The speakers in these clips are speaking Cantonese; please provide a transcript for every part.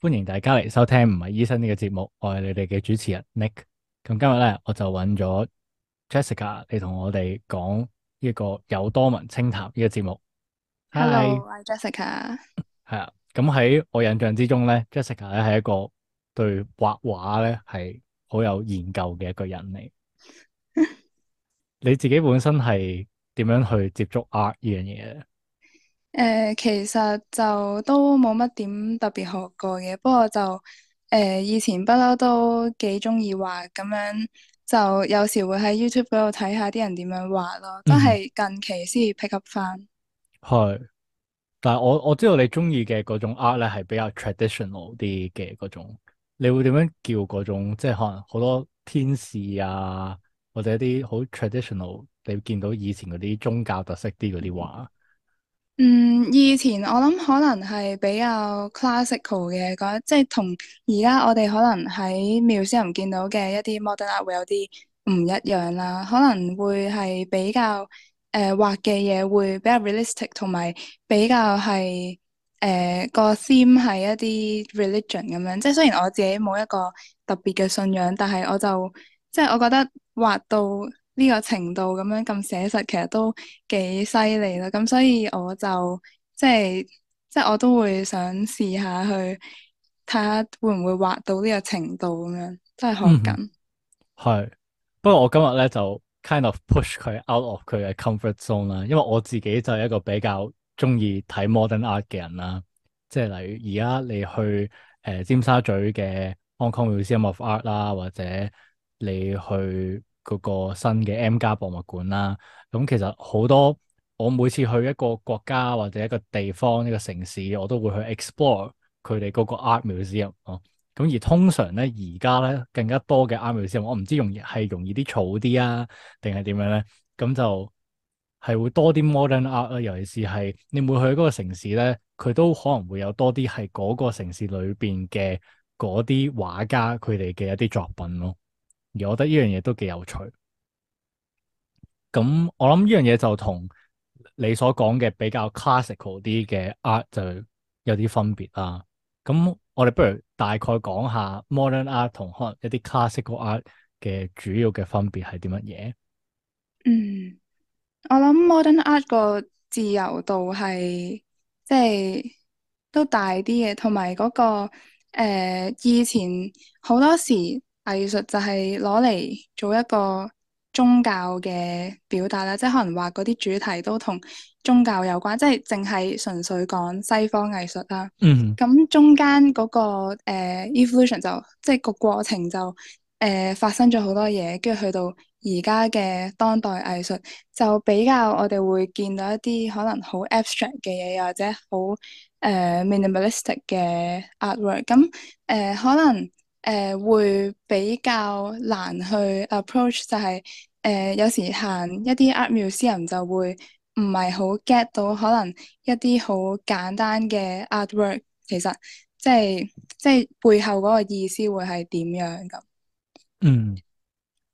歡迎大家嚟收聽唔係醫生呢個節目，我係你哋嘅主持人 Nick。咁今日咧，我就揾咗 Jessica 嚟同我哋講一個友多聞清談呢個節目。Hi、Hello，我係，Jessica。係 啊，咁喺我印象之中咧，Jessica 咧係一個對畫畫咧係好有研究嘅一個人嚟。 你自己本身係點樣去接觸 art 呢樣嘢咧？誒、呃，其實就都冇乜點特別學過嘅，不過就誒、呃、以前不嬲都幾中意畫咁樣，就有時會喺 YouTube 嗰度睇下啲人點樣畫咯，都係近期先至 pick up 翻、嗯。係，但係我我知道你中意嘅嗰種 art 咧，係比較 traditional 啲嘅嗰種，你會點樣叫嗰種？即係可能好多天使啊，或者一啲好 traditional，你見到以前嗰啲宗教特色啲嗰啲畫。嗯嗯，以前我諗可能係比較 classical 嘅，嗰，即係同而家我哋可能喺 museum 見到嘅一啲 modern art 會有啲唔一樣啦，可能會係比較誒畫嘅嘢會比較 realistic，同埋比較係誒、呃、個 theme 係一啲 religion 咁樣，即係雖然我自己冇一個特別嘅信仰，但係我就即係我覺得畫到。呢個程度咁樣咁寫實，其實都幾犀利啦。咁所以我就即係即係我都會想試下去睇下會唔會畫到呢個程度咁樣，真係學緊。係、嗯，不過我今日咧就 kind of push 佢 out of 佢嘅 comfort zone 啦。因為我自己就係一個比較中意睇 modern art 嘅人啦。即係例如而家你去誒、呃、尖沙咀嘅 Hong Kong Museum of Art 啦，或者你去，嗰個新嘅 M+ 博物館啦，咁其實好多我每次去一個國家或者一個地方，一個城市，我都會去 explore 佢哋嗰個 art museum 哦、啊。咁而通常咧，而家咧更加多嘅 art museum，我唔知容易係容易啲嘈啲啊，定係點樣咧？咁就係會多啲 modern art 啦。尤其是係你每去嗰個城市咧，佢都可能會有多啲係嗰個城市裏邊嘅嗰啲畫家佢哋嘅一啲作品咯。啊。而我覺得呢樣嘢都幾有趣。咁我諗呢樣嘢就同你所講嘅比較 classical 啲嘅 art 就有啲分別啦。咁我哋不如大概講下 modern art 同可能一啲 classical art 嘅主要嘅分別係啲乜嘢？嗯，我諗 modern art 個自由度係即係都大啲嘅，同埋嗰個、呃、以前好多時。藝術就係攞嚟做一個宗教嘅表達啦，即係可能話嗰啲主題都同宗教有關，即係淨係純粹講西方藝術啦。嗯哼，咁中間嗰、那個誒、呃、evolution 就即係個過程就誒、呃、發生咗好多嘢，跟住去到而家嘅當代藝術就比較我哋會見到一啲可能好 abstract 嘅嘢，又或者好誒 minimalistic 嘅 artwork。咁、呃、誒、呃、可能。誒、呃，會比較難去 approach，就係、是、誒、呃，有時行一啲 art museum，就會唔係好 get 到，可能一啲好簡單嘅 artwork，其實即係即係背後嗰個意思會係點樣咁？嗯，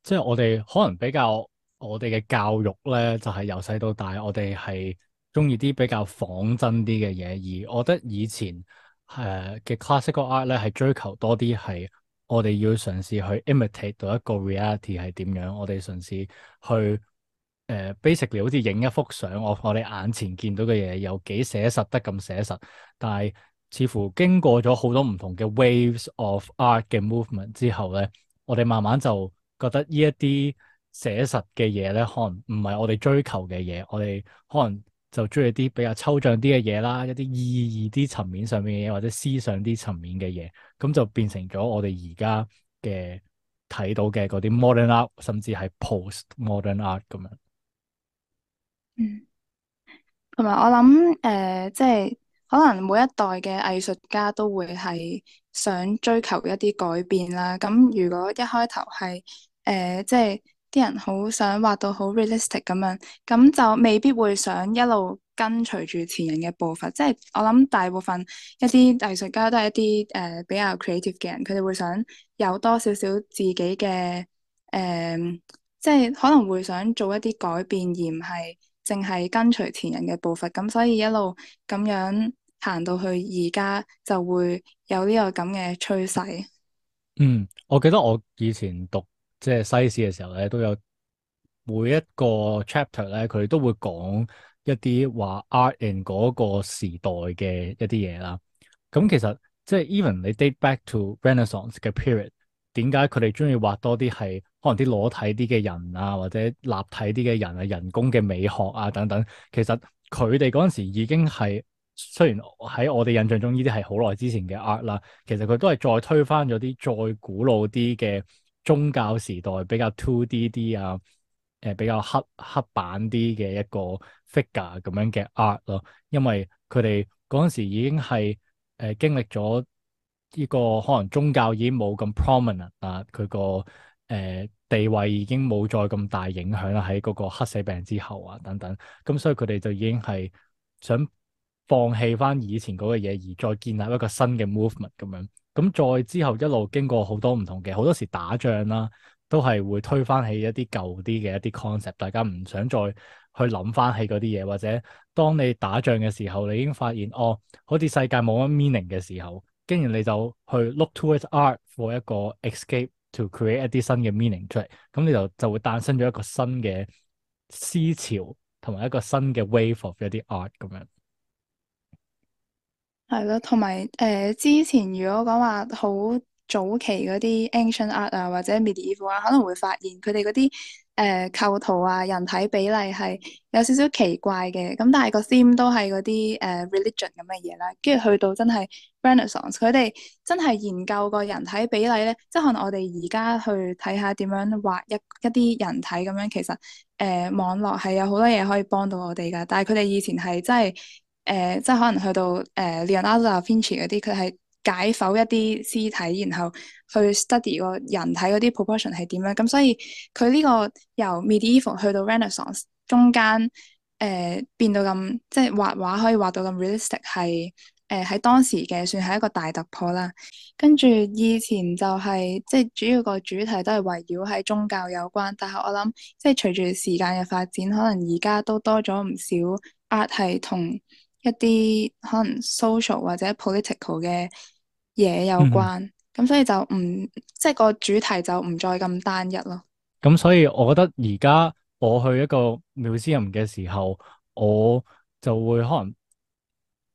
即係我哋可能比較我哋嘅教育咧，就係由細到大，我哋係中意啲比較仿真啲嘅嘢，而我覺得以前。誒嘅、uh, classic 嘅 art 咧，係追求多啲係我哋要嘗試去 imitate 到一個 reality 係點樣，我哋嘗試去誒、uh, basically 好似影一幅相，我我哋眼前見到嘅嘢有幾寫實得咁寫實，但係似乎經過咗好多唔同嘅 waves of art 嘅 movement 之後咧，我哋慢慢就覺得呢一啲寫實嘅嘢咧，可能唔係我哋追求嘅嘢，我哋可能。就中意啲比較抽象啲嘅嘢啦，一啲意義啲層面上面嘅嘢，或者思想啲層面嘅嘢，咁就變成咗我哋而家嘅睇到嘅嗰啲 modern art，甚至係 post modern art 咁樣。嗯，同埋我諗誒，即係可能每一代嘅藝術家都會係想追求一啲改變啦。咁如果一開頭係誒，即係。啲人好想畫到好 realistic 咁樣，咁就未必會想一路跟隨住前人嘅步伐。即係我諗大部分一啲藝術家都係一啲誒、呃、比較 creative 嘅人，佢哋會想有多少少自己嘅誒、呃、即係可能會想做一啲改變，而唔係淨係跟隨前人嘅步伐。咁所以一路咁樣行到去而家，就會有呢個咁嘅趨勢。嗯，我記得我以前讀。即係西史嘅時候咧，都有每一個 chapter 咧，佢都會講一啲話 art in 嗰個時代嘅一啲嘢啦。咁、嗯、其實即係 even 你 date back to Renaissance 嘅 period，點解佢哋鍾意畫多啲係可能啲裸體啲嘅人啊，或者立體啲嘅人啊，人工嘅美學啊等等。其實佢哋嗰陣時已經係雖然喺我哋印象中呢啲係好耐之前嘅 art 啦，其實佢都係再推翻咗啲再古老啲嘅。宗教時代比較 two D 啲啊，誒、呃、比較黑黑板啲嘅一個 figure 咁樣嘅 art 咯，因為佢哋嗰陣時已經係誒、呃、經歷咗呢、這個可能宗教已經冇咁 prominent 啊，佢個誒地位已經冇再咁大影響啦，喺嗰個黑死病之後啊等等，咁所以佢哋就已經係想放棄返以前嗰個嘢，而再建立一個新嘅 movement 咁樣。咁再之後一路經過好多唔同嘅，好多時打仗啦、啊，都係會推翻起一啲舊啲嘅一啲 concept，大家唔想再去諗翻起嗰啲嘢，或者當你打仗嘅時候，你已經發現哦，好似世界冇乜 meaning 嘅時候，跟住你就去 look towards art for 一個 escape to create 一啲新嘅 meaning 出嚟，咁你就就會誕生咗一個新嘅思潮同埋一個新嘅 wave of 一啲 art 咁樣。係咯，同埋誒，之前如果講話好早期嗰啲 Ancient Art 啊，或者 Medieval 啊，可能會發現佢哋嗰啲誒構圖啊、人體比例係有少少奇怪嘅，咁但係個 theme 都係嗰啲誒 Religion 咁嘅嘢啦。跟住去到真係 Renaissance，佢哋真係研究個人體比例咧，即係可能我哋而家去睇下點樣畫一一啲人體咁樣，其實誒、呃、網絡係有好多嘢可以幫到我哋噶，但係佢哋以前係真係。誒、呃，即係可能去到誒、呃、Leonardo da Vinci 嗰啲，佢係解剖一啲屍體，然後去 study 個人體嗰啲 proportion 係點樣咁、嗯，所以佢呢個由 Medieval 去到 Renaissance 中間，誒、呃、變到咁，即係畫畫可以畫到咁 realistic 係誒喺、呃、當時嘅算係一個大突破啦。跟住以前就係、是、即係主要個主題都係圍繞喺宗教有關，但係我諗即係隨住時間嘅發展，可能而家都多咗唔少 art 係同。一啲可能 social 或者 political 嘅嘢有關，咁、嗯、所以就唔即係個主題就唔再咁單一咯。咁所以，我覺得而家我去一個 museum 嘅時候，我就會可能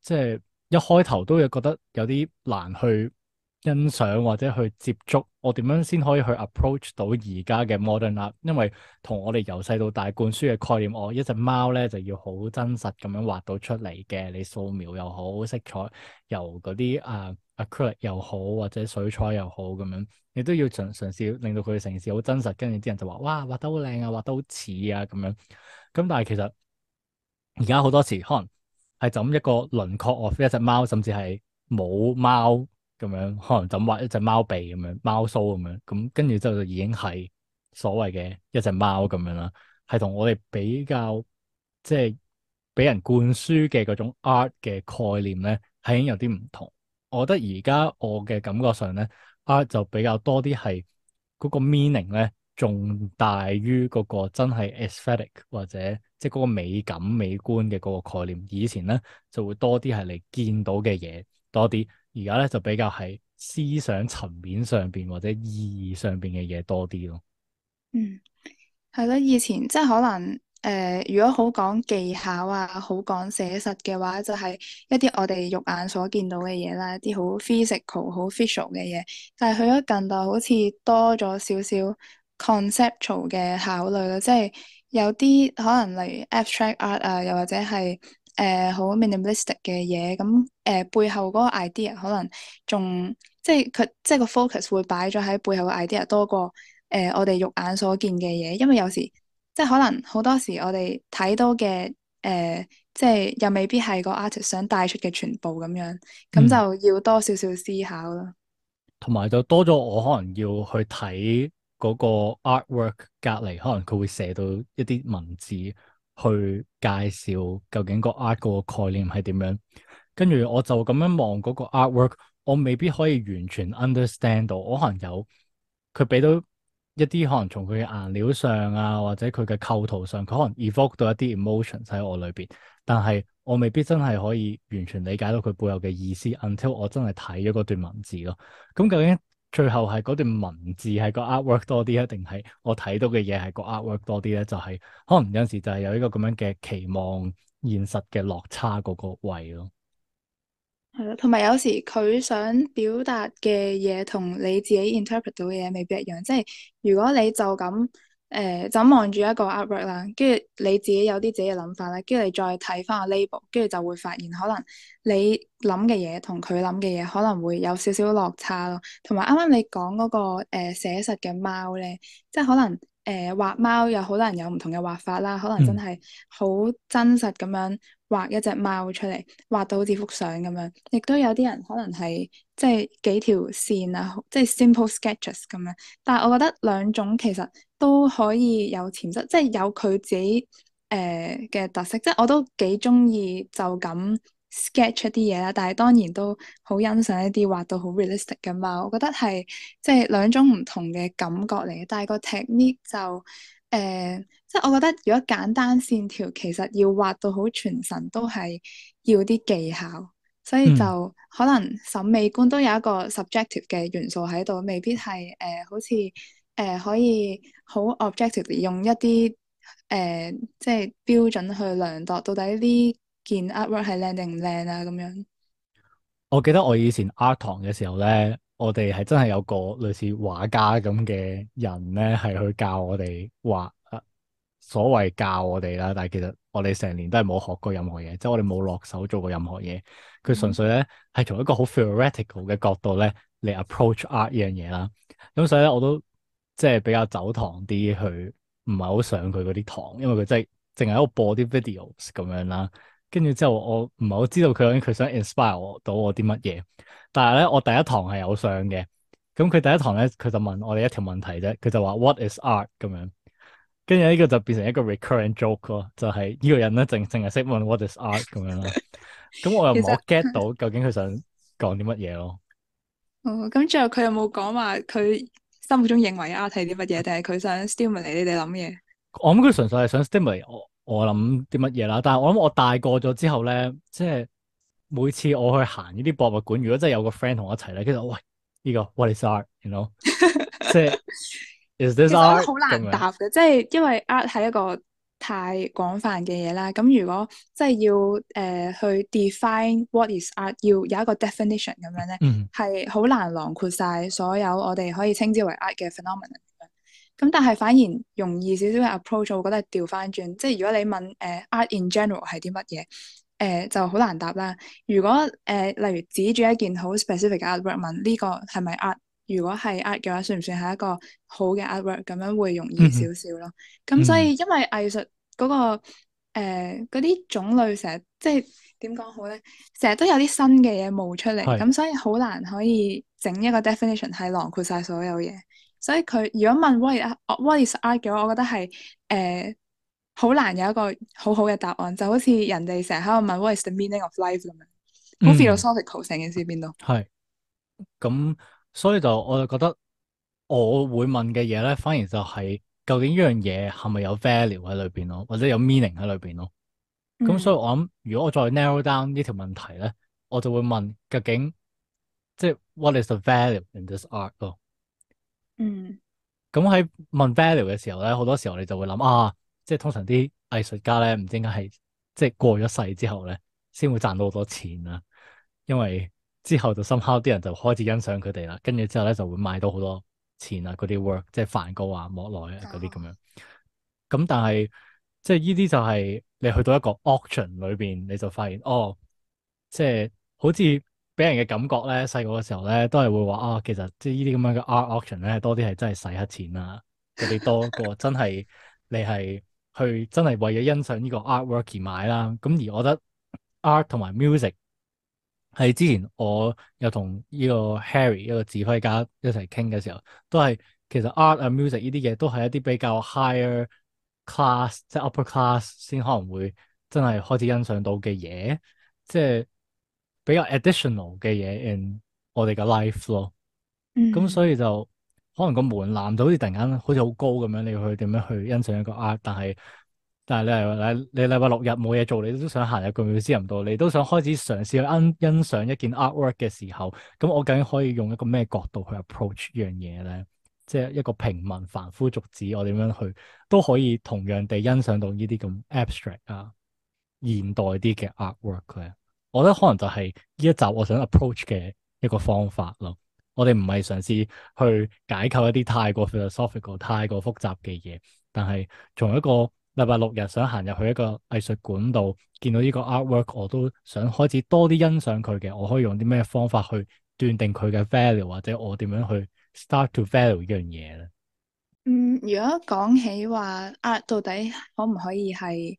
即係、就是、一開頭都會覺得有啲難去。欣賞或者去接觸，我點樣先可以去 approach 到而家嘅 modern art？因為同我哋由細到大灌輸嘅概念，我一隻貓咧就要好真實咁樣畫到出嚟嘅。你素描又好，色彩由嗰啲啊 acrylic 又好，或者水彩又好咁樣，你都要嘗嘗試令到佢嘅城市好真實。跟住啲人就話：哇，畫得好靚啊，畫得好似啊咁樣。咁但係其實而家好多時，可能係就咁一個輪廓，我一隻貓，甚至係冇貓。咁樣可能就畫一隻貓鼻咁樣、貓鬚咁樣，咁跟住之後就已經係所謂嘅一隻貓咁樣啦。係同我哋比較即係俾人灌輸嘅嗰種 art 嘅概念咧，係已經有啲唔同。我覺得而家我嘅感覺上咧，art 就比較多啲係嗰個 meaning 咧，重大於嗰個真係 aesthetic 或者即係嗰個美感、美觀嘅嗰個概念。以前咧就會多啲係嚟見到嘅嘢多啲。而家咧就比較喺思想層面上邊或者意義上邊嘅嘢多啲咯。嗯，係咯，以前即係可能誒、呃，如果好講技巧啊，好講寫實嘅話，就係、是、一啲我哋肉眼所見到嘅嘢啦，一啲好 physical、好 visual 嘅嘢。但係去咗近代，好似多咗少少 conceptual 嘅考慮咯，即係有啲可能例如 abstract art 啊，又或者係。誒，好 minimalistic 嘅嘢，咁誒、呃、背後嗰個 idea 可能仲即係佢即係個 focus 會擺咗喺背後嘅 idea 多過誒、呃、我哋肉眼所見嘅嘢，因為有時即係可能好多時我哋睇到嘅誒、呃、即係又未必係個 artist 想帶出嘅全部咁樣，咁就要多少少思考咯。同埋、嗯、就多咗我可能要去睇嗰個 artwork 隔籬，可能佢會寫到一啲文字。去介紹究竟個 art 個概念係點樣，跟住我就咁樣望嗰個 artwork，我未必可以完全 understand 到，我可能有佢俾到一啲可能從佢嘅顏料上啊，或者佢嘅構圖上，佢可能 evoked 到一啲 emotions 喺我裏邊，但係我未必真係可以完全理解到佢背後嘅意思，until 我真係睇咗嗰段文字咯。咁究竟？最後係嗰段文字係個 artwork 多啲啊，定係我睇到嘅嘢係個 artwork 多啲咧？就係可能有陣時就係有一個咁樣嘅期望，現實嘅落差嗰個位咯。係咯，同埋有時佢想表達嘅嘢同你自己 interpret 到嘅嘢未必一樣，即係如果你就咁。誒、呃，就望住一個 artwork 啦，跟住你自己有啲自己嘅諗法咧，跟住你再睇翻個 label，跟住就會發現可能你諗嘅嘢，同佢諗嘅嘢可能會有少少落差咯。同埋啱啱你講嗰、那個誒、呃、寫實嘅貓咧，即係可能誒、呃、畫貓有好多人有唔同嘅畫法啦，可能真係好真實咁樣。畫一隻貓出嚟，畫到好似幅相咁樣，亦都有啲人可能係即係幾條線啊，即係 simple sketches 咁樣。但係我覺得兩種其實都可以有潛質，即係有佢自己誒嘅、呃、特色。即係我都幾鍾意就咁 sketch 一啲嘢啦。但係當然都好欣賞一啲畫到好 realistic 嘅貓。我覺得係即係兩種唔同嘅感覺嚟，但係個 technique 就～誒，uh, 即係我覺得如果簡單線條，其實要畫到好傳神都係要啲技巧，所以就可能審美觀都有一個 subjective 嘅元素喺度，未必係誒，uh, 好似誒、uh, 可以好 objective 用一啲誒、uh, 即係標準去量度到底呢件 artwork 係靚定唔靚啊咁樣。我記得我以前 art 堂嘅時候咧，我哋係真係有個類似畫家咁嘅人咧，係去教我哋畫，誒、呃、所謂教我哋啦。但係其實我哋成年都係冇學過任何嘢，即、就、係、是、我哋冇落手做過任何嘢。佢純粹咧係從一個好 theoretical 嘅角度咧嚟 approach art 呢樣嘢啦。咁所以咧我都即係比較走堂啲去，唔係好上佢嗰啲堂，因為佢即係淨係喺度播啲 videos 咁樣啦。跟住之後我唔係好知道佢佢想 inspire 我到我啲乜嘢。但係咧，我第一堂係有相嘅，咁佢第一堂咧，佢就問我哋一條問題啫，佢就話 What is art？咁樣，跟住呢個就變成一個 recurrent joke 咯，就係呢個人咧，淨淨係識問 What is art 咁樣咯，咁 我又冇 get 到究竟佢想講啲乜嘢咯。 哦，咁、嗯、最後佢有冇講話佢心目中認為 art 係啲乜嘢？定係佢想 stimulate 你哋諗嘢？我諗佢純粹係想 stimulate 我我諗啲乜嘢啦。但係我諗我大個咗之後咧，即係。每次我去行呢啲博物館，如果真係有個 friend 同我一齊咧，其實我喂，呢、呢個 what is art？你 you know，即係、 so, is this art？好難答嘅，即係因為 art 係一個太廣泛嘅嘢啦。咁如果即係要誒、呃、去 define what is art，要有一個 definition 咁樣咧，係好、嗯、難囊括晒所有我哋可以稱之為 art 嘅 phenomenon。咁但係反而容易少少嘅 approach，我覺得係調翻轉，即係如果你問誒、呃、art in general 係啲乜嘢？誒、呃、就好難答啦。如果誒、呃、例如指住一件好 specific 嘅 artwork 問呢個係咪 art？如果係 art 嘅話，算唔算係一個好嘅 artwork？咁樣會容易少少咯。咁、嗯、所以因為藝術嗰個嗰啲、呃、種類成日即係點講好咧？成日都有啲新嘅嘢冒出嚟，咁是所以好難可以整一個 definition 係囊括晒所有嘢。所以佢如果問 what is art？what is art 嘅話，我覺得係誒、呃好難有一個好好嘅答案，就好似人哋成日喺度問 What is the meaning of life 咁樣，好、嗯、philosophical，成件事喺邊度？係，咁所以就我就覺得我會問嘅嘢咧，反而就係究竟呢樣嘢係咪有 value 喺裏邊咯，或者有 meaning 喺裏邊咯？咁、嗯、所以我諗，如果我再 narrow down 呢條問題咧，我就會問究竟即係 What is the value in this art 咯？嗯，咁喺問 value 嘅時候咧，好多時候你就會諗啊。即係通常啲藝術家咧，唔知點解係即係過咗世之後咧，先會賺到好多錢啊！因為之後就深刻啲人就開始欣賞佢哋啦，跟住之後咧就會賣到好多錢啊！嗰啲 work，即係梵高啊、莫奈啊嗰啲咁樣。咁但係即係依啲就係、是、你去到一個 auction 裏邊，你就發現哦，即係好似俾人嘅感覺咧，細個嘅時候咧都係會話啊、哦，其實即係依啲咁樣嘅 art auction 咧，多啲係真係洗黑錢啊，特別多過真係你係。 去真係為咗欣賞呢個 artwork 而買啦。咁而我覺得 art 同埋 music 係之前我又同呢個 Harry 一個指揮家一齊傾嘅時候，都係其實 art and music 呢啲嘢都係一啲比較 higher class，即係 upper class 先可能會真係開始欣賞到嘅嘢，即係比較 additional 嘅嘢 in 我哋嘅 life 咯。咁、嗯、所以就。可能個門檻就好似突然間好似好高咁樣，你要去點樣去欣賞一個 art？但係但係你係你你禮拜六日冇嘢做，你都想行入一個美術館度，你都想開始嘗試欣欣賞一件 artwork 嘅時候，咁我究竟可以用一個咩角度去 approach 呢樣嘢咧？即係一個平民凡夫俗子，我點樣去都可以同樣地欣賞到呢啲咁 abstract 啊現代啲嘅 artwork 咧？我覺得可能就係呢一集我想 approach 嘅一個方法咯。我哋唔係嘗試去解構一啲太過 philosophical、太過複雜嘅嘢，但係從一個禮拜六日想行入去一個藝術館度，見到呢個 artwork，我都想開始多啲欣賞佢嘅。我可以用啲咩方法去斷定佢嘅 value，或者我點樣去 start to value 呢樣嘢咧？嗯，如果講起話 art 到底可唔可以係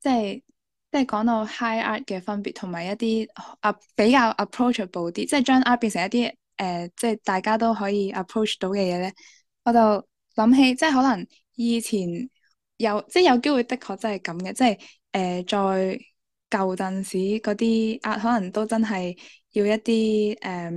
即係即係講到 high art 嘅分別，同埋一啲啊比較 approachable 啲，即係將 art 變成一啲。誒、呃，即係大家都可以 approach 到嘅嘢咧，我就諗起，即係可能以前有，即係有機會，的確真係咁嘅，即係誒、呃，在舊陣時嗰啲，可能都真係要一啲誒、呃、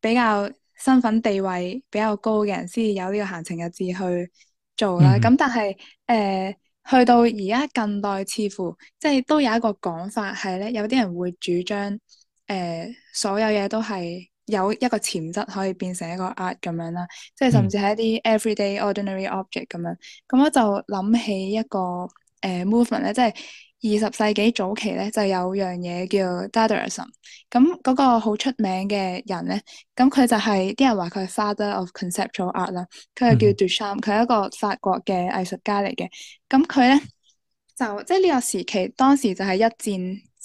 比較身份地位比較高嘅人先有呢個閒情逸致去做啦。咁、mm hmm. 但係誒，去、呃、到而家近代，似乎即係都有一個講法係咧，有啲人會主張誒、呃，所有嘢都係。有一個潛質可以變成一個 art 咁樣啦，即係甚至係一啲 everyday ordinary object 咁樣。咁我就諗起一個誒、呃、movement 咧，即係二十世紀早期咧就有樣嘢叫 Dadaism。咁嗰個好出名嘅人咧，咁佢就係啲人話佢係 father of conceptual art 啦、嗯。佢係叫 Duchamp，佢係一個法國嘅藝術家嚟嘅。咁佢咧就即係呢個時期，當時就係一戰。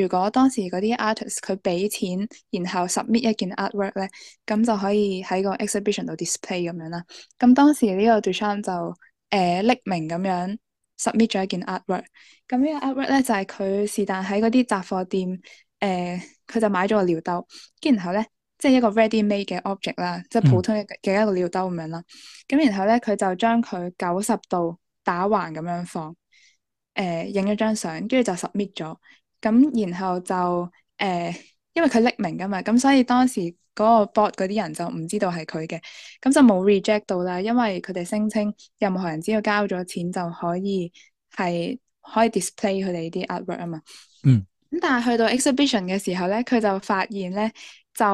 如果當時嗰啲 artist 佢俾錢，然後 submit 一件 artwork 咧，咁就可以喺個 exhibition 度 display 咁樣啦。咁當時呢個 Duchamp 就誒匿名咁樣 submit 咗一件 artwork。咁呢個 artwork 咧就係佢是但喺嗰啲雜貨店誒，佢就買咗個尿兜，跟然後咧即係一個 ready made 嘅 object 啦，即係普通嘅一個尿兜咁樣啦。咁、嗯、然後咧佢就將佢九十度打橫咁樣放，誒影咗張相，跟住就 submit 咗。咁然後就誒、呃，因為佢匿名噶嘛，咁所以當時嗰個 board 嗰啲人就唔知道係佢嘅，咁就冇 reject 到啦。因為佢哋聲稱任何人只要交咗錢就可以係可以 display 佢哋啲 advert 啊嘛。嗯。咁但係去到 exhibition 嘅時候咧，佢就發現咧就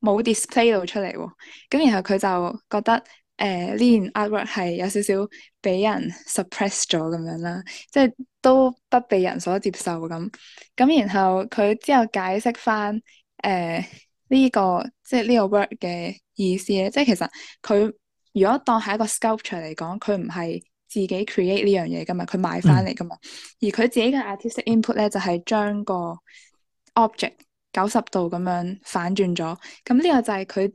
冇 display 到出嚟喎。咁然後佢就覺得。誒，呢、呃、件 artwork 係有少少俾人 suppress 咗咁樣啦，即係都不被人所接受咁。咁然後佢之後解釋翻誒呢個即係呢個 work 嘅意思咧，即係其實佢如果當係一個 sculpture 嚟講，佢唔係自己 create 呢樣嘢噶嘛，佢買翻嚟噶嘛。而佢自己嘅 artistic input 咧，就係、是、將個 object 九十度咁樣反轉咗。咁呢個就係佢。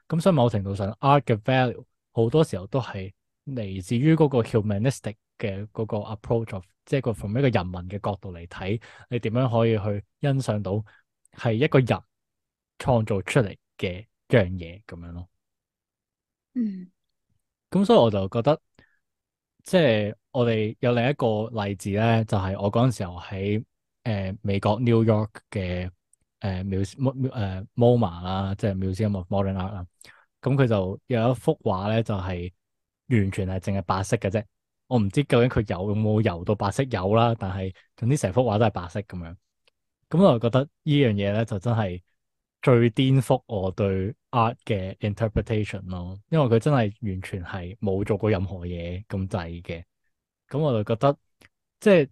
咁、嗯、所以某程度上，Art 嘅 value 好多時候都係嚟自於嗰個 humanistic 嘅嗰個 approach，即係個 from 一個人民嘅角度嚟睇，你點樣可以去欣賞到係一個人創造出嚟嘅一樣嘢咁樣咯。嗯。咁所以我就覺得，即係我哋有另一個例子咧，就係、是、我嗰陣時候喺誒美國 New York 嘅。誒，描描誒，Moma 啦，即係 Museum of，Modern Art 啦，咁佢就有一幅畫咧，就係、是、完全係淨係白色嘅啫。我唔知究竟佢有冇油到白色，有啦，但係總之成幅畫都係白色咁樣。咁我就覺得呢樣嘢咧，就真係最顛覆我對 art 嘅 interpretation 咯。因為佢真係完全係冇做過任何嘢咁滯嘅。咁我就覺得即係。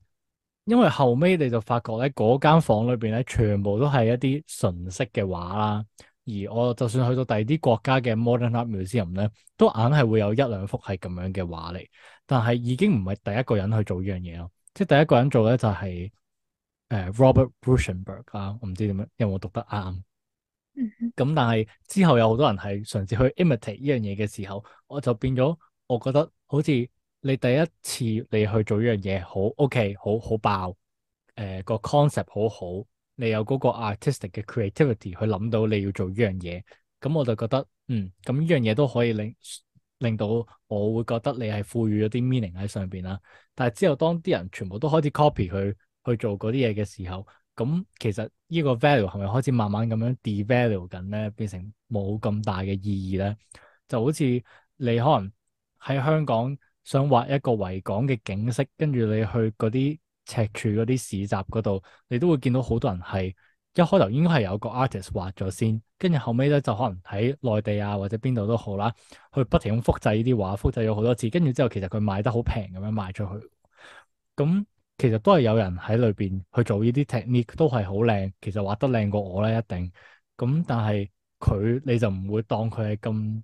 因為後尾你就發覺咧，嗰間房裏邊咧，全部都係一啲純色嘅畫啦。而我就算去到第二啲國家嘅 modern art museum 咧，都硬係會有一兩幅係咁樣嘅畫嚟。但係已經唔係第一個人去做呢樣嘢咯。即係第一個人做咧、就係，就係誒 Robert Rauschenberg 啊，我唔知點樣，有冇讀得啱？咁、嗯、哼但係之後有好多人係嘗試去 imitate 呢樣嘢嘅時候，我就變咗，我覺得好似～你第一次你去做呢樣嘢，好 O.K.，好好爆，誒、呃呢個 concept 好好，你有嗰個 artistic 嘅 creativity 去諗到你要做呢樣嘢，咁我就覺得嗯，咁呢樣嘢都可以令令到我會覺得你係賦予咗啲 meaning 喺上邊啦。但係之後當啲人全部都開始 copy 佢去，去做嗰啲嘢嘅時候，咁其實呢個 value 係咪開始慢慢咁樣 devalue 緊咧，變成冇咁大嘅意義咧？就好似你可能喺香港。想畫一個維港嘅景色，跟住你去嗰啲赤柱嗰啲市集嗰度，你都會見到好多人係，一開頭應該係有個 artist 畫咗先，跟住後尾咧就可能喺內地啊或者邊度都好啦，去不停咁複製呢啲畫，複製咗好多次，跟住之後其實佢賣得好平咁樣賣出去。咁其實都係有人喺裏邊去做呢啲 technique，都係好靚，其實畫得靚過我咧一定。咁但係佢你就唔會當佢係咁。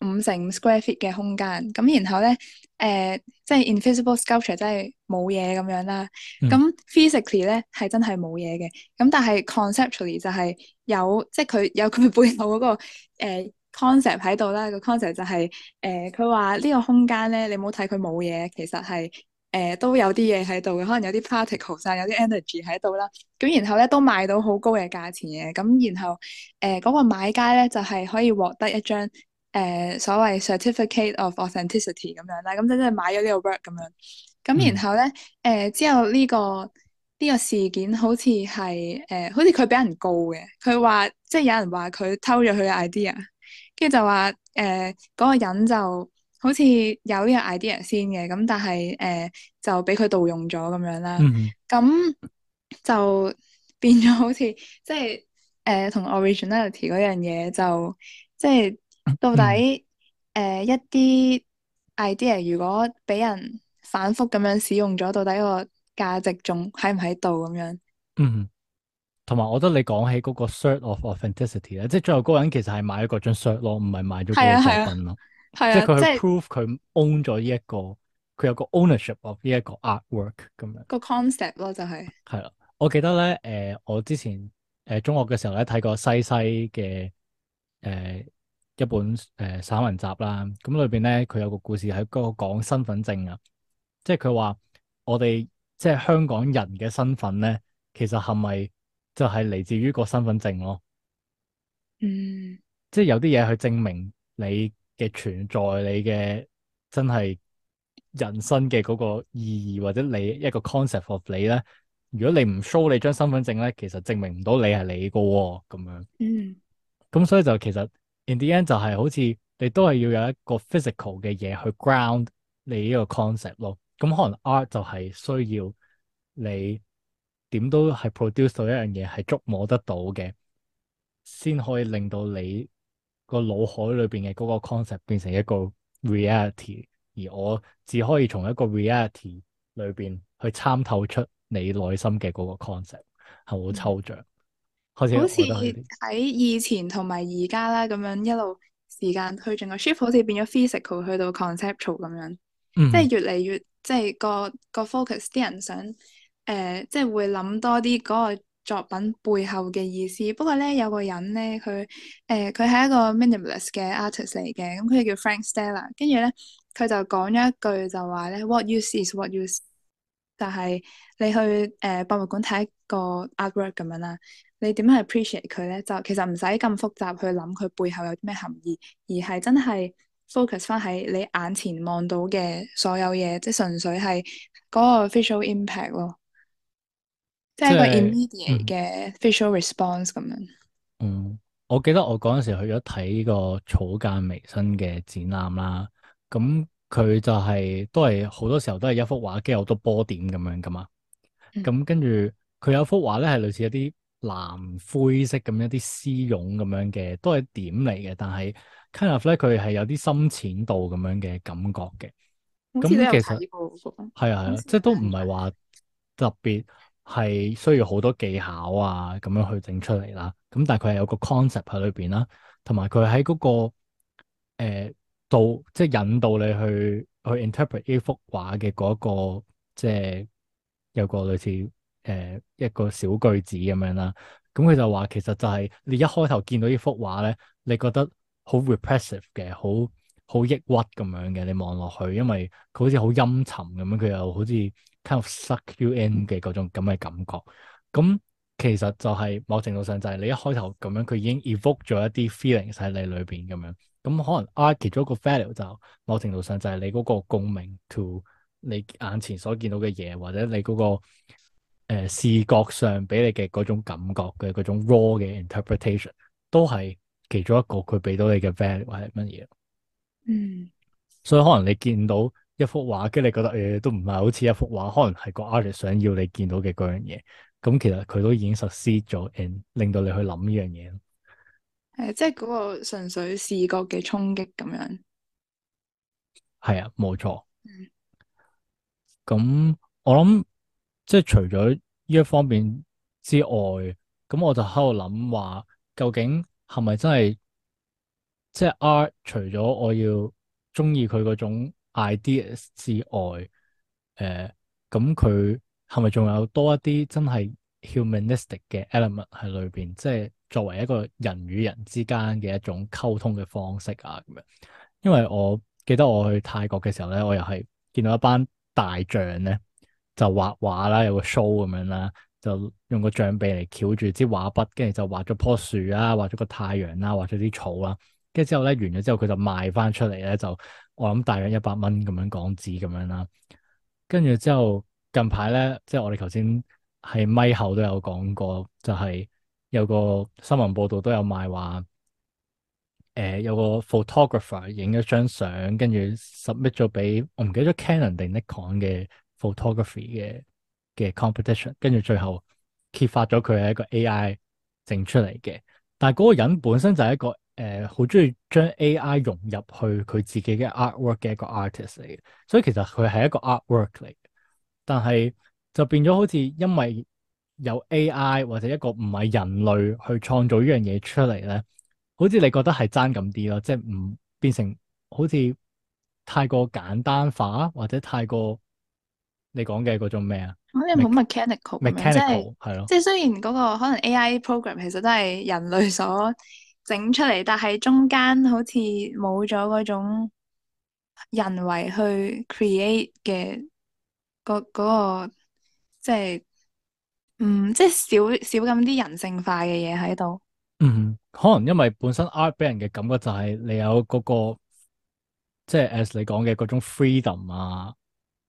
五成 square feet 嘅空間，咁然後咧，誒、呃，即係 invisible sculpture，真係冇嘢咁樣啦。咁、嗯、physically 咧係真係冇嘢嘅，咁但係 conceptually 就係有，即係佢有佢背後嗰、那個誒、呃、concept 喺度啦。那個 concept 就係、是、誒，佢話呢個空間咧，你唔好睇佢冇嘢，其實係誒、呃、都有啲嘢喺度嘅，可能有啲 particle 晒，有啲 energy 喺度啦。咁然後咧都賣到好高嘅價錢嘅，咁然後誒嗰、呃那個買家咧就係、是、可以獲得一張。誒、呃，所謂 certificate of authenticity 咁樣啦，咁即係買咗呢個 work 咁樣。咁然後咧，誒、嗯呃，之後呢、這個呢、這個事件好似係，誒、呃，好似佢俾人告嘅，佢話即係有人話佢偷咗佢嘅 idea，跟住就話，誒、呃，嗰、那個人就好似有呢個 idea 先嘅，咁但係，誒、呃，就俾佢盜用咗咁樣啦。咁、嗯、就變咗好似即係，誒、呃，同 originality 嗰樣嘢就即係。到底誒、嗯呃、一啲 idea 如果俾人反覆咁樣使用咗，到底個價值仲喺唔喺度咁樣？嗯，同埋我覺得你講起嗰個 cert of authenticity 咧，即係最後嗰個人其實係買咗嗰張 cert 咯，唔係買咗個作品咯，即係佢去 prove 佢 own 咗呢一個 artwork，佢有個 ownership of 呢一個 artwork 咁樣個 concept 咯，就係係啦。我記得咧誒、呃、我之前誒、呃、中學嘅時候咧睇過西西嘅誒。呃一本誒散、呃、文集啦，咁裏邊咧佢有個故事喺嗰個講身份證啊，即係佢話我哋即係香港人嘅身份咧，其實係咪就係嚟自於個身份證咯，啊？嗯，即係有啲嘢去證明你嘅存在，你嘅真係人生嘅嗰個意義，或者你一個 concept of 你咧，如果你唔 show 你張身份證咧，其實證明唔到你係你個喎咁樣。嗯，咁所以就其實。In the end 就係好似你都係要有一個 physical 嘅嘢去 ground 你呢個 concept 咯。咁可能 art 就係需要你點都係 produce 到一樣嘢係觸摸得到嘅，先可以令到你個腦海裏邊嘅嗰個 concept 變成一個 reality。而我只可以從一個 reality 裏邊去參透出你內心嘅嗰個 concept 係好抽象。嗯好似喺以前同埋而家啦，咁樣一路時間去進個 shift，好似變咗 physical 去到 conceptual 咁樣，嗯、即係越嚟越即係個個 focus，啲人想誒、呃，即係會諗多啲嗰個作品背後嘅意思。不過咧有個人咧，佢誒佢係一個 minimalist 嘅 artist 嚟嘅，咁佢叫 Frank Stella。跟住咧佢就講咗一句就話咧，what you see is what you see，但係、就是、你去誒、呃、博物館睇一個 artwork 咁樣啦。你點樣去 appreciate 佢咧？就其實唔使咁複雜去諗佢背後有啲咩含義，而係真係 focus 翻喺你眼前望到嘅所有嘢，即係純粹係嗰個 visual impact 咯 im，即係個 immediate 嘅 visual response 咁樣。嗯，我記得我嗰陣時去咗睇個草間彌生嘅展覽啦，咁佢就係、是、都係好多時候都係一幅畫，跟好多波點咁樣噶嘛。咁跟住佢有幅畫咧，係類似一啲。藍灰色咁一啲絲絨咁樣嘅，都係點嚟嘅？但係 kind of 咧，佢係有啲深淺度咁樣嘅感覺嘅。咁其實係啊，係啊，即係都唔係話特別係需要好多技巧啊，咁樣去整出嚟啦。咁但係佢係有個 concept 喺裏邊啦，同埋佢喺嗰個誒導、呃，即係引導你去去 interpret 呢幅畫嘅嗰、嗰個，即係有個類似。誒一個小句子咁樣啦，咁佢就話其實就係你一開頭見到呢幅畫咧，你覺得好 repressive 嘅，好好抑鬱咁樣嘅。你望落去，因為佢好似好陰沉咁樣，佢又好似 kind of suck you in 嘅嗰種咁嘅感覺。咁、嗯、其實就係某程度上就係你一開頭咁樣，佢已經 evoked 咗一啲 feelings 喺你裏邊咁樣。咁可能其中一個 value 就某程度上就係你嗰個共鳴 to 你眼前所見到嘅嘢，或者你嗰個。誒、呃，視覺上俾你嘅嗰種感覺嘅嗰種 raw 嘅 interpretation，都係其中一個佢俾到你嘅 value 係乜嘢？嗯，所以可能你見到一幅畫，跟住你覺得誒、呃、都唔係好似一幅畫，可能係個 artist 想要你見到嘅嗰樣嘢。咁其實佢都已經 succeed 咗，and 令到你去諗呢樣嘢。誒、嗯，即係嗰個純粹視覺嘅衝擊咁樣。係啊，冇錯。嗯。咁我諗。即係除咗呢一方面之外，咁我就喺度諗話，究竟係咪真係即係 art？除咗我要中意佢嗰種 ideas 之外，誒、呃，咁佢係咪仲有多一啲真係 humanistic 嘅 element 喺裏邊？即係作為一個人與人之間嘅一種溝通嘅方式啊，咁樣。因為我記得我去泰國嘅時候咧，我又係見到一班大象咧。就畫畫啦，有個 show 咁樣啦，就用個象鼻嚟撬住支畫筆，跟住就畫咗棵樹啦，畫咗個太陽啦，畫咗啲草啦，跟住之後咧，完咗之後佢就賣翻出嚟咧，就我諗大約一百蚊咁樣港紙咁樣啦。跟住之後近排咧，即係我哋頭先喺咪後都有講過，就係、是、有個新聞報道都有賣話，誒、呃、有個 photographer 影咗張相，跟住 submit 咗俾我唔記得咗 Canon 定 Nikon 嘅。photography 嘅嘅 competition，跟住最後揭發咗佢係一個 AI 整出嚟嘅，但係嗰個人本身就係一個誒好中意將 AI 融入去佢自己嘅 artwork 嘅一個 artist 嚟嘅，所以其實佢係一個 artwork 嚟嘅，但係就變咗好似因為有 AI 或者一個唔係人類去創造呢樣嘢出嚟咧，好似你覺得係爭咁啲咯，即係唔變成好似太過簡單化或者太過。你講嘅嗰種咩啊？咁你係好 mechanical 嘅，即係係咯，即係雖然嗰個可能 AI program 其實都係人類所整出嚟，但係中間好似冇咗嗰種人為去 create 嘅嗰嗰個，即係嗯，即係少少咁啲人性化嘅嘢喺度。嗯，可能因為本身 AI 俾人嘅感覺就係你有嗰個，即係 as 你講嘅嗰種 freedom 啊。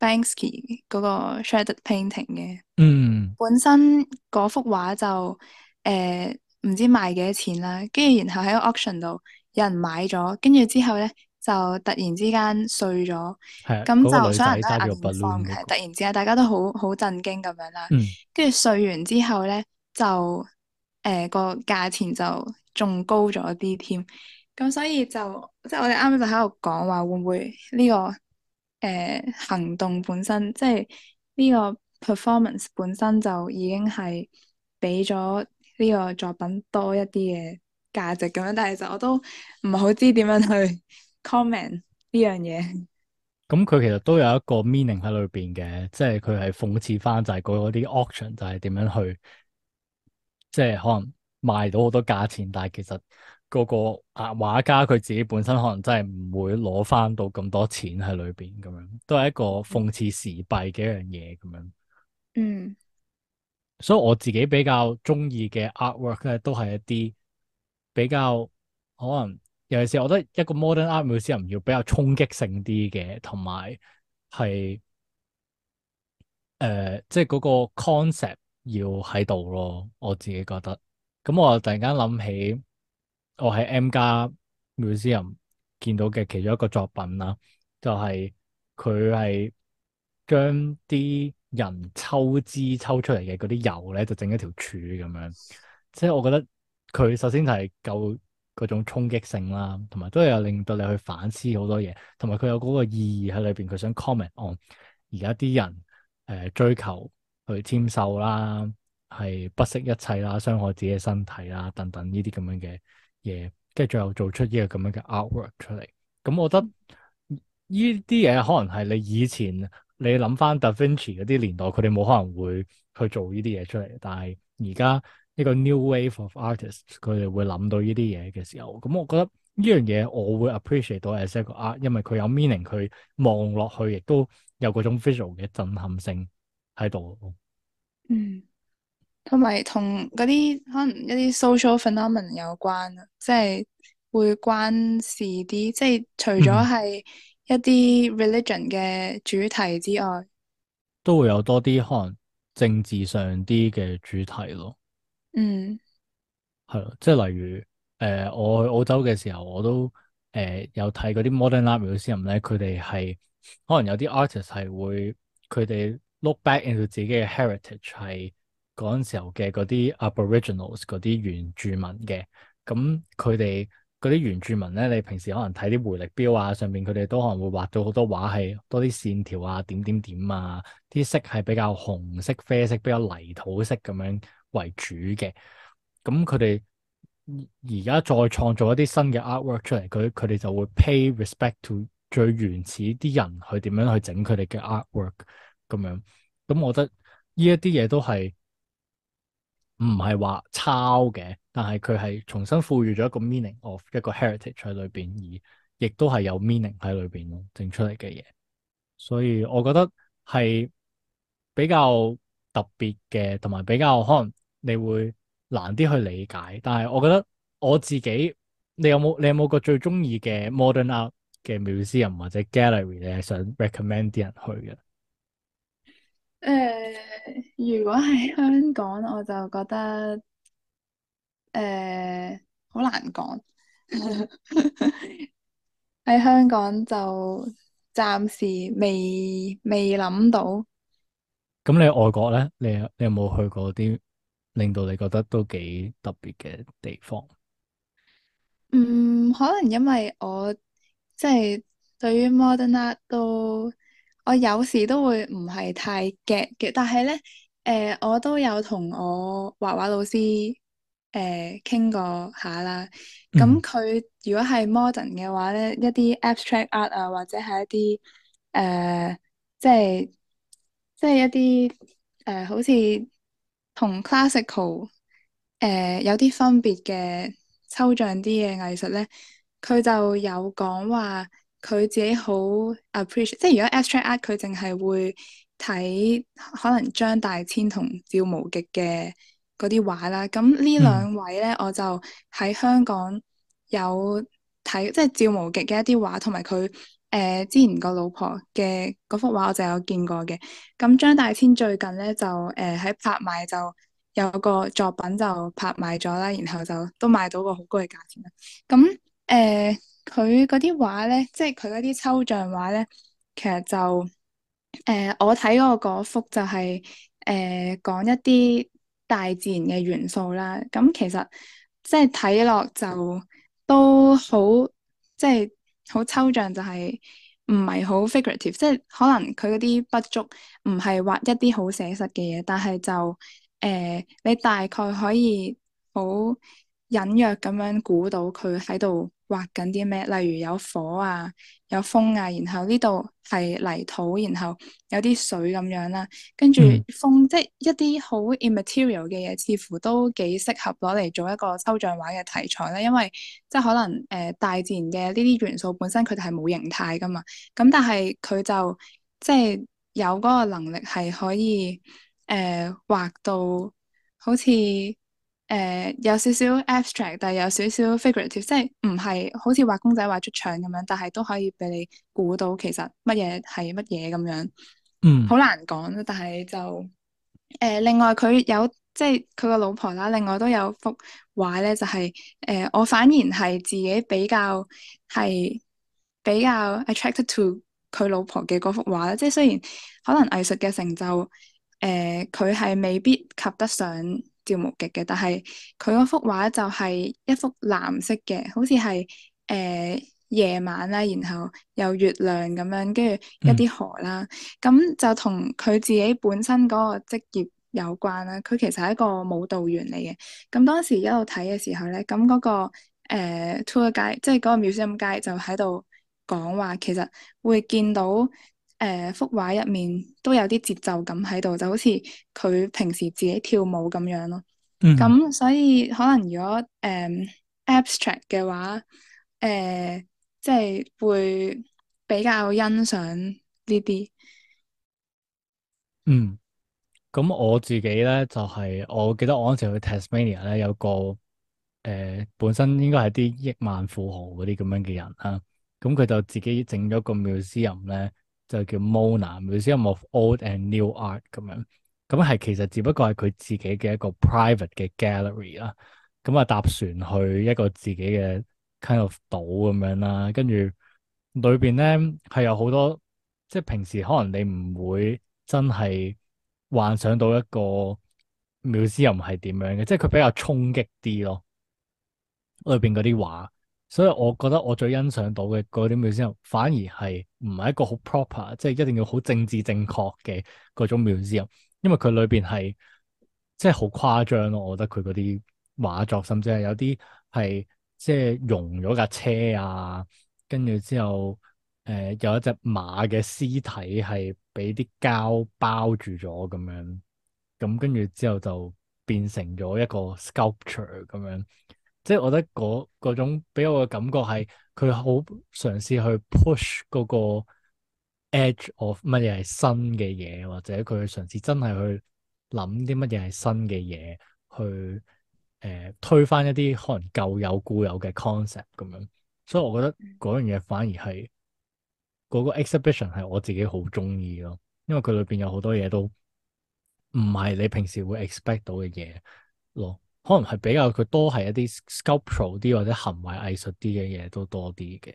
Banksy 嗰個 shredded painting 嘅，本身嗰幅畫就誒唔、呃、知賣幾多錢啦，跟住然後喺個 auction 度有人買咗，跟住之後咧就突然之間碎咗，咁的那就所有人都眼前放係，露露那個、突然之間大家都好好震驚咁樣啦，跟住、嗯、碎完之後咧就誒、呃、個價錢就仲高咗啲添，咁所以就即係我哋啱啱就喺度講話會唔會呢、這個？誒、呃，行動本身即係呢個 performance 本身就已經係俾咗呢個作品多一啲嘅價值咁樣，但係其實我都唔係好知點樣去 comment 呢樣嘢。咁佢、嗯、其實都有一個 meaning 喺裏邊嘅，即係佢係諷刺翻就係嗰啲 auction 就係點樣去，即係可能賣到好多價錢，但係其實。個個啊畫家，佢自己本身可能真係唔會攞翻到咁多錢喺裏邊咁樣，都係一個諷刺時弊嘅一樣嘢咁樣。嗯，所以我自己比較中意嘅 artwork 咧，都係一啲比較可能尤其是我覺得一個 modern art museum 要比較衝擊性啲嘅，同埋係誒即係嗰個 concept 要喺度咯。我自己覺得咁，我就突然間諗起。我喺 M 加繆斯林見到嘅其中一個作品啦，就係佢係將啲人抽脂抽出嚟嘅嗰啲油咧，就整一條柱咁樣。即係我覺得佢首先就係夠嗰種衝擊性啦，同埋都係有令到你去反思好多嘢，同埋佢有嗰個意義喺裏邊。佢想 comment on 而家啲人誒、呃、追求去籤售啦，係不惜一切啦，傷害自己嘅身體啦，等等呢啲咁樣嘅嘢，跟住最後做出呢個咁樣嘅 artwork 出嚟，咁我覺得呢啲嘢可能係你以前你諗返 Da Vinci 嗰啲年代，佢哋冇可能會去做呢啲嘢出嚟，但係而家呢個 new wave of artists，佢哋會諗到呢啲嘢嘅時候，咁我覺得呢樣嘢我會 appreciate 到 as a art，因為佢有 meaning，佢望落去亦都有嗰種 visual 嘅震撼性喺度。嗯。同埋同嗰啲可能一啲 social phenomenon 有關，即係會關事啲，即係除咗係一啲 religion 嘅主題之外，嗯、都會有多啲可能政治上啲嘅主題咯。嗯，係咯，即係例如誒、呃，我去澳洲嘅時候，我都誒、呃、有睇嗰啲 modern lab 嘅詩人咧，佢哋係可能有啲 artist 係會佢哋 look back into 自己嘅 heritage 係。嗰陣時候嘅嗰啲 Aboriginals 嗰啲原住民嘅，咁佢哋嗰啲原住民咧，你平時可能睇啲回力標啊，上面佢哋都可能會畫到好多畫係，係多啲線條啊、點點點啊，啲色係比較紅色、啡色、比較泥土色咁樣為主嘅。咁佢哋而家再創造一啲新嘅 artwork 出嚟，佢佢哋就會 pay respect to 最原始啲人去點樣去整佢哋嘅 artwork 咁樣。咁我覺得呢一啲嘢都係。唔係話抄嘅，但係佢係重新賦予咗一個 meaning of 一個 heritage 喺裏邊，而亦都係有 meaning 喺裏邊咯，整出嚟嘅嘢。所以我覺得係比較特別嘅，同埋比較可能你會難啲去理解。但係我覺得我自己，你有冇你有冇個最鍾意嘅 modern art 嘅 museum 或者 gallery？你係想 recommend 啲人去嘅？誒、呃，如果喺香港，我就覺得誒，好、呃、難講。喺 香港就暫時未未諗到。咁你外國咧？你你有冇去過啲令到你覺得都幾特別嘅地方？嗯，可能因為我即係對於 modern 啊都。我有時都會唔係太 get 嘅，但係咧，誒、呃，我都有同我畫畫老師誒傾、呃、過下啦。咁佢、嗯、如果係 modern 嘅話咧，一啲 abstract art 啊，或者係一啲誒、呃，即係即係一啲誒、呃，好似同 classical 誒、呃、有啲分別嘅抽象啲嘅藝術咧，佢就有講話。佢自己好 appreciate，即係如果 abstract art，佢淨係會睇可能張大千同趙無極嘅嗰啲畫啦。咁呢兩位咧，嗯、我就喺香港有睇，即係趙無極嘅一啲畫，同埋佢誒之前個老婆嘅嗰幅畫，我就有見過嘅。咁張大千最近咧就誒喺、呃、拍賣就有個作品就拍賣咗啦，然後就都賣到個好高嘅價錢啦。咁誒。呃佢嗰啲畫咧，即係佢嗰啲抽象畫咧，其實就誒、呃，我睇過嗰幅就係、是、誒、呃、講一啲大自然嘅元素啦。咁、嗯、其實即係睇落就都好，即係好抽象，就係唔係好 figurative，即係可能佢嗰啲筆觸唔係畫一啲好寫實嘅嘢，但係就誒、呃、你大概可以好隱約咁樣估到佢喺度畫緊啲咩？例如有火啊，有風啊，然後呢度係泥土，然後有啲水咁樣啦。跟住風，嗯、即係一啲好 immaterial 嘅嘢，似乎都幾適合攞嚟做一個抽象畫嘅題材啦，因為即係可能誒、呃、大自然嘅呢啲元素本身佢哋係冇形態噶嘛，咁但係佢就即係有嗰個能力係可以誒、呃、畫到好似。誒、uh, 有少少 abstract，但係有少少 figurative，即係唔係好似畫公仔畫出腸咁樣，但係都可以俾你估到其實乜嘢係乜嘢咁樣，嗯，好難講啦。但係就誒、呃，另外佢有即係佢個老婆啦，另外都有幅畫咧，就係、是、誒、呃，我反而係自己比較係比較 attracted to 佢老婆嘅幅畫啦。即係雖然可能藝術嘅成就，誒、呃，佢係未必及得上。跳舞嘅，但係佢幅畫就係一幅藍色嘅，好似係誒夜晚啦，然後有月亮咁樣，嗯、跟住一啲河啦，咁就同佢自己本身嗰個職業有關啦。佢其實係一個舞蹈員嚟嘅，咁當時一路睇嘅時候咧，咁嗰、那個誒 tour guide，即係嗰個 museum guide 就喺度講話其實會見到。誒幅畫入面都有啲節奏感喺度，就好似佢平時自己跳舞咁樣咯。咁、嗯、所以可能如果誒、呃、abstract 嘅話，誒、呃、即係會比較欣賞呢啲。嗯，咁我自己咧就係、是、我記得我嗰陣時去 Tasmania 咧有個誒、呃、本身應該係啲億萬富豪嗰啲咁樣嘅人啦，咁、啊、佢就自己整咗個 museum 咧。就叫 Mona，Museum of Old and New Art 咁樣，咁係其實只不過係佢自己嘅一個 private 嘅 gallery 啦。咁啊，搭船去一個自己嘅 kind of 島咁樣啦，跟住裏邊咧係有好多，即係平時可能你唔會真係幻想到一個 museum 係點樣嘅，即係佢比較衝擊啲咯，裏邊嗰啲畫。所以我覺得我最欣賞到嘅嗰啲 museum，反而係唔係一個好 proper，即係一定要好政治正確嘅嗰種 museum，因為佢裏邊係即係好誇張咯。我覺得佢嗰啲畫作，甚至係有啲係即係融咗架車啊，跟住之後，誒、呃、有一隻馬嘅屍體係俾啲膠包住咗咁樣，咁跟住之後就變成咗一個 sculpture 咁樣。即係我覺得嗰種俾我嘅感覺係佢好嘗試去 push 嗰個 edge of 乜嘢係新嘅嘢，或者佢嘗試真係去諗啲乜嘢係新嘅嘢，去誒、呃、推翻一啲可能舊有固有嘅 concept 咁樣。所以，我覺得嗰樣嘢反而係嗰個 exhibition 係我自己好中意咯，因為佢裏邊有好多嘢都唔係你平時會 expect 到嘅嘢咯。可能係比較佢多係一啲 sculptural 啲或者行為藝術啲嘅嘢都多啲嘅。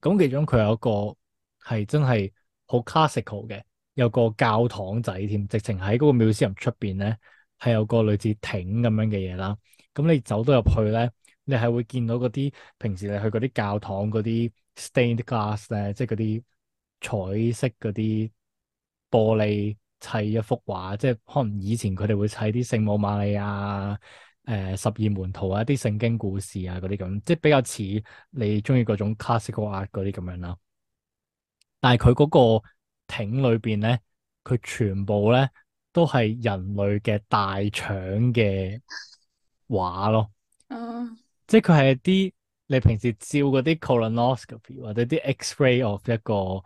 咁其中佢有一個係真係好 classical 嘅，有個教堂仔添，直情喺嗰個廟寺入出邊咧係有個類似亭咁樣嘅嘢啦。咁你走都入去咧，你係會見到嗰啲平時你去嗰啲教堂嗰啲 stained glass 咧，即係嗰啲彩色嗰啲玻璃砌一幅畫，即係可能以前佢哋會砌啲聖母瑪利亞，啊。誒、呃、十二門徒啊，啲聖經故事啊，嗰啲咁，即係比較似你中意嗰種 classical art 嗰啲咁樣啦。但係佢嗰個艇裏邊咧，佢全部咧都係人類嘅大腸嘅畫咯。Oh. 即係佢係一啲你平時照嗰啲 colonoscopy 或者啲 X-ray of 一個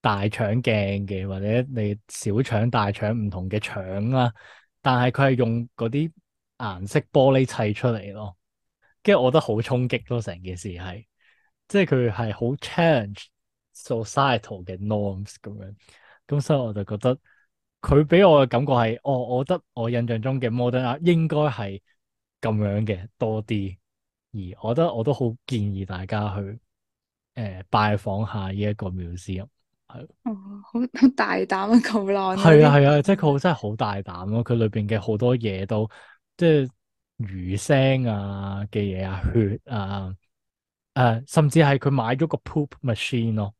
大腸鏡嘅，或者你小腸、大腸唔同嘅腸啦。但係佢係用嗰啲，顏色玻璃砌出嚟咯，跟住我覺得好衝擊咯，成件事係，即係佢係好 challenge societal 嘅 norms 咁樣，咁、嗯、所以我就覺得佢俾我嘅感覺係，我、哦、我覺得我印象中嘅 modern art 應該係咁樣嘅多啲，而我覺得我都好建議大家去，誒、呃、拜訪下呢一個 museum，係，哦，好好大膽啊，咁耐，係啊係啊，啊啊嗯、即係佢真係好大膽咯，佢裏邊嘅好多嘢都。即係魚腥啊嘅嘢、啊血啊，誒、啊，甚至係佢買咗個 poop machine 咯。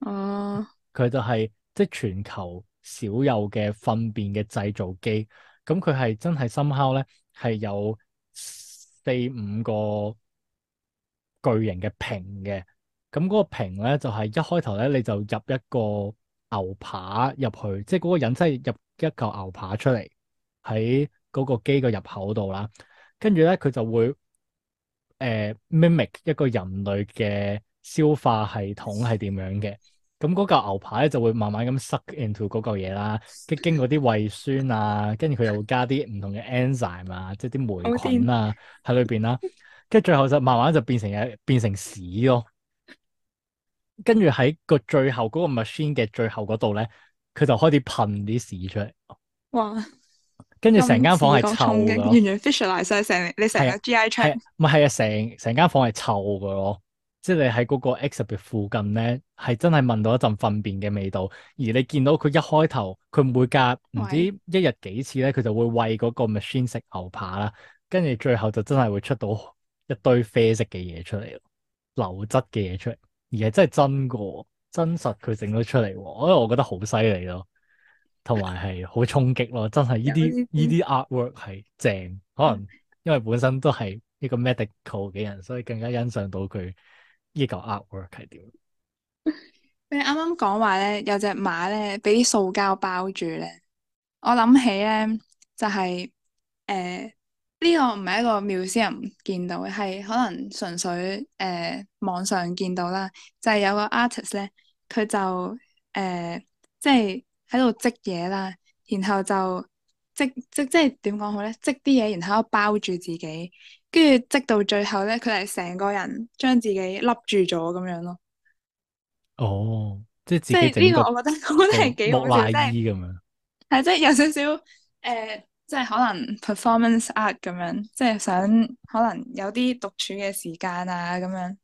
哦。佢、啊、就係、是、即係全球少有嘅糞便嘅製造機。咁佢係真係深烤咧，係有四五個巨型嘅瓶嘅。咁、嗯、嗰、那個瓶咧就係、是、一開頭咧你就入一個牛扒入去，即係嗰個人真係入一嚿牛扒出嚟喺。嗰個機個入口度啦，跟住咧佢就會誒、呃、mimic 一個人類嘅消化系統係點樣嘅，咁嗰嚿牛排咧就會慢慢咁 suck into 嗰嚿嘢啦，跟住經過啲胃酸啊，跟住佢又會加啲唔同嘅 enzyme 啊，即係啲霉菌啊喺裏邊啦、啊，跟住最後就慢慢就變成變成屎咯。跟住喺個最後嗰、嗰個 machine 嘅最後嗰度咧，佢就開始噴啲屎出嚟。哇！跟住成間房係臭嘅，完全 fishalize 晒成你成日 G.I. tract，唔係啊，成成、啊啊、間房係臭嘅咯，即係喺嗰個 X 特別附近咧，係真係聞到一陣糞便嘅味道。而你見到佢一開頭，佢每隔唔知一日幾次咧，佢就會喂嗰個 machine 食牛扒啦。跟住最後就真係會出到一堆啡色嘅嘢出嚟，流質嘅嘢出嚟，而係真係真個真實佢整咗出嚟，因為我覺得好犀利咯。同埋係好衝擊咯，真係呢啲呢啲 artwork 係正，可能因為本身都係一個 medical 嘅人，所以更加欣賞到佢呢嚿 artwork 係點。你啱啱講話咧，有隻馬咧，俾啲塑膠包住咧，我諗起咧就係，誒呢個唔係一個 museum 見到嘅，係可能純粹誒、呃、網上見到啦，就係、是、有個 artist 咧，佢就誒、呃、即係。喺度織嘢啦，然後就織織即係點講好咧？織啲嘢然後包住自己，跟住織到最後咧，佢係成個人將自己笠住咗咁樣咯。哦，即係即係呢個，我覺得係幾、嗯、好嘅是、嗯，即係咁樣。係即係有少少誒，即係可能 performance art 咁樣，即係想可能有啲獨處嘅時間啊咁樣。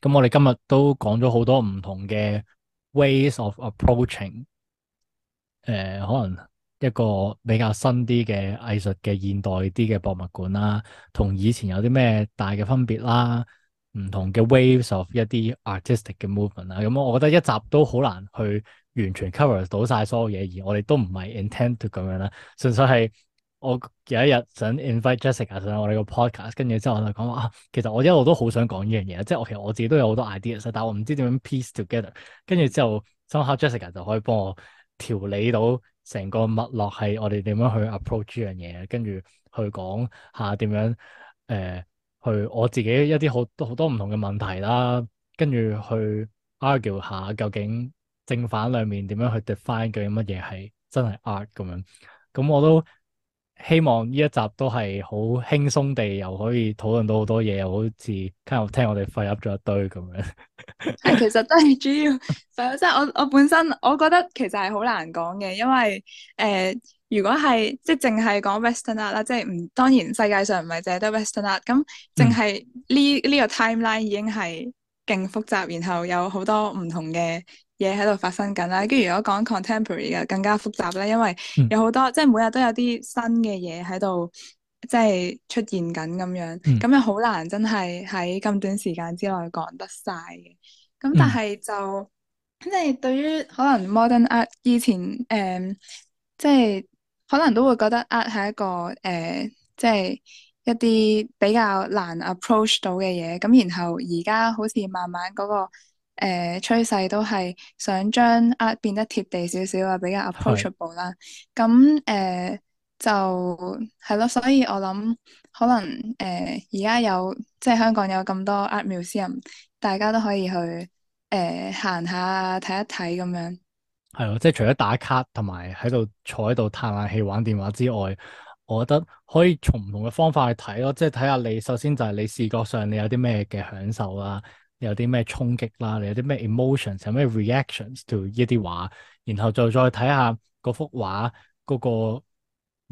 咁我哋今日都講咗好多唔同嘅 ways of approaching。誒、呃、可能一個比較新啲嘅藝術嘅現代啲嘅博物館啦，同以前有啲咩大嘅分別啦？唔同嘅 waves of 一啲 artistic 嘅 movement 啦。咁、嗯、我覺得一集都好難去完全 cover 到晒所有嘢，而我哋都唔係 intend to 咁樣啦。純粹係我有一日想 invite Jessica 上我哋個 podcast，跟住之後我就講話、啊，其實我一路都好想講呢樣嘢，即係我其實我自己都有好多 idea，但係我唔知點樣 piece together。跟住之後想嚇 Jessica 就可以幫我。調理到成個脈絡係我哋點樣去 approach 呢樣嘢，跟住去講下點樣誒、呃、去我自己一啲好多好多唔同嘅問題啦，跟住去 argue 下究竟正反兩面點樣去 define 究竟乜嘢係真係 Art 咁樣，咁、嗯、我都。希望呢一集都係好輕鬆地，又可以討論到好多嘢，又好似今日聽我哋廢噏咗一堆咁樣。係，其實都係主要，即係我我本身我覺得其實係好難講嘅，因為誒、呃、如果係即係淨係講 Western Art 啦，即係唔當然世界上唔係淨係得 Western Art 咁，淨係呢呢個 timeline 已經係勁複雜，然後有好多唔同嘅。嘢喺度發生緊啦，跟住如果講 contemporary 嘅更加複雜咧，因為有好多、嗯、即係每日都有啲新嘅嘢喺度，即係出現緊咁樣，咁又好難真係喺咁短時間之內講得晒嘅。咁但係就即係對於可能 modern art 以前誒、嗯，即係可能都會覺得 art 係一個誒、呃，即係一啲比較難 approach 到嘅嘢。咁然後而家好似慢慢嗰個。誒趨、呃、勢都係想將 art 變得貼地少少啊，比較 approachable 啦。咁誒的、呃、就係咯，所以我諗可能誒而家有即係香港有咁多 art museum，大家都可以去誒、呃、行下睇一睇咁樣。係咯，即係除咗打卡同埋喺度坐喺度嘆冷氣玩電話之外，我覺得可以從唔同嘅方法去睇咯。即係睇下你首先就係你視覺上你有啲咩嘅享受啦、啊。有啲咩衝擊啦？你有啲咩 emotions，有咩 reactions to 呢啲畫，然後就再睇下嗰幅畫嗰個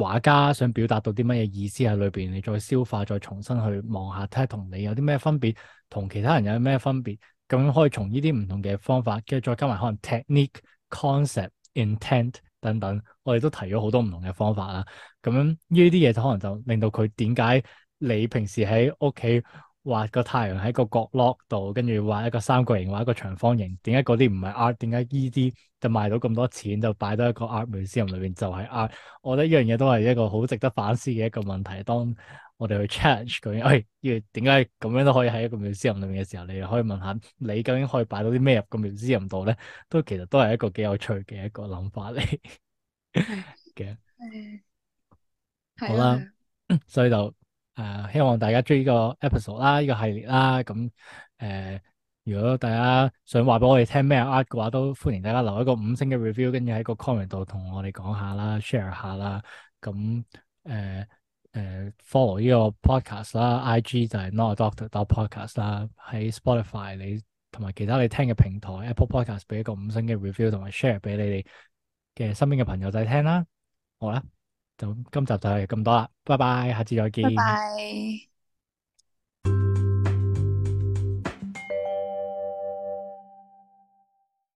畫家想表達到啲乜嘢意思喺裏邊，你再消化，再重新去望下，睇下同你有啲咩分別，同其他人有咩分別，咁樣可以從呢啲唔同嘅方法，跟住再加埋可能 technique、concept、intent 等等，我哋都提咗好多唔同嘅方法啦。咁樣呢啲嘢就可能就令到佢點解你平時喺屋企，畫個太陽喺個角落度，跟住畫一個三角形，畫一個長方形。點解嗰啲唔係 art？點解依啲就賣到咁多錢，就擺到一個 art museum 裏邊就係 art？我覺得依樣嘢都係一個好值得反思嘅一個問題。當我哋去 challenge 佢，誒要點解咁樣都可以喺一個 museum 裏邊嘅時候，你又可以問下你究竟可以擺到啲咩入個 museum 度咧？都其實都係一個幾有趣嘅一個諗法嚟嘅。的 好啦的， 所以就～誒，uh, 希望大家追呢個 episode 啦，呢、這個系列啦。咁誒、呃，如果大家想話俾我哋聽咩 art 嘅話都歡迎大家留一個五星嘅 review，跟住喺個 comment 度同我哋講下啦，share 下啦。咁誒誒、呃呃、，follow 呢個 podcast 啦，IG 就係 notadoctor.podcast 啦，喺 Spotify 你同埋其他你聽嘅平台 Apple Podcast 俾一個五星嘅 review，同埋 share 俾你哋嘅身邊嘅朋友仔、就是、聽啦。好啦。就今集就係咁多啦，拜拜，下次再見。拜拜。